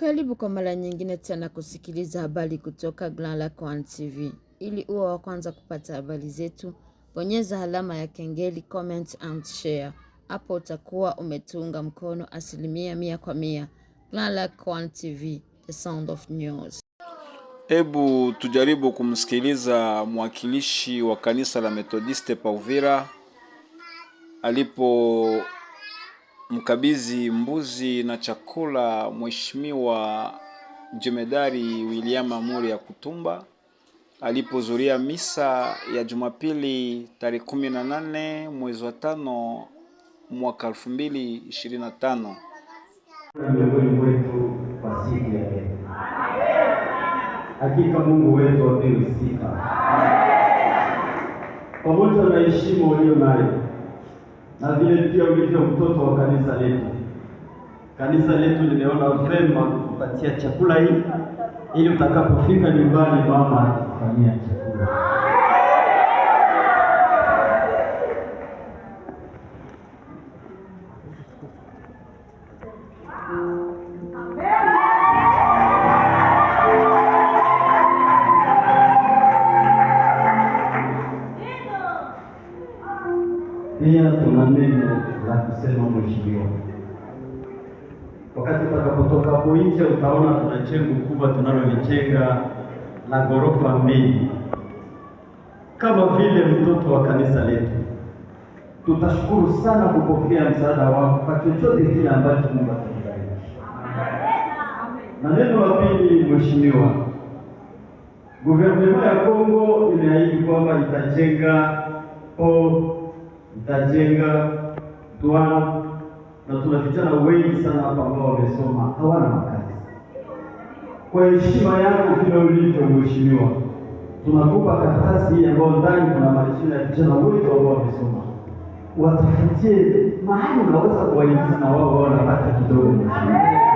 Karibu kwa mara nyingine tena kusikiliza habari kutoka Grand Lac One TV. Ili uwe wa kwanza kupata habari zetu, bonyeza alama ya kengeli, comment and share. Hapo utakuwa umetunga mkono asilimia mia kwa mia. Grand Lac One TV, the sound of news. Hebu tujaribu kumsikiliza mwakilishi wa kanisa la Methodiste Pauvira alipo mkabidhi mbuzi na chakula Mheshimiwa Jemedari William Amuri kutumba alipohudhuria misa ya Jumapili tarehe kumi na nane mwezi wa tano mwaka elfu mbili ishirini na tano Hakika Mungu wetu apewe sifa pamoja na heshima uliyo nayo na vile pia ulivyo mtoto wa kanisa letu. Kanisa letu limeona vema kupatia chakula hii ili utakapofika nyumbani, mama, akufanyia chakula Pia tuna neno la kusema mheshimiwa. Wakati utakapotoka hapo nje, utaona tuna jengo kubwa tunalolijenga la ghorofa mbili, kama vile mtoto wa kanisa letu. Tutashukuru sana kupokea msaada wako kwa chochote kile ambacho Mungu atatubariki. Na neno la pili, mheshimiwa, guvernema ya Kongo imeahidi kwamba itajenga po mtajenga tuana na tuna vijana wengi sana hapa ambao wamesoma hawana makazi. Kwa heshima yako vile ulivyo mheshimiwa, tunakupa karatasi hii ambayo ndani kuna majina ya vijana wote ambao wamesoma, watafutie mahali unaweza kuwaingiza na wao wao wanapata kidogo mheshimiwa.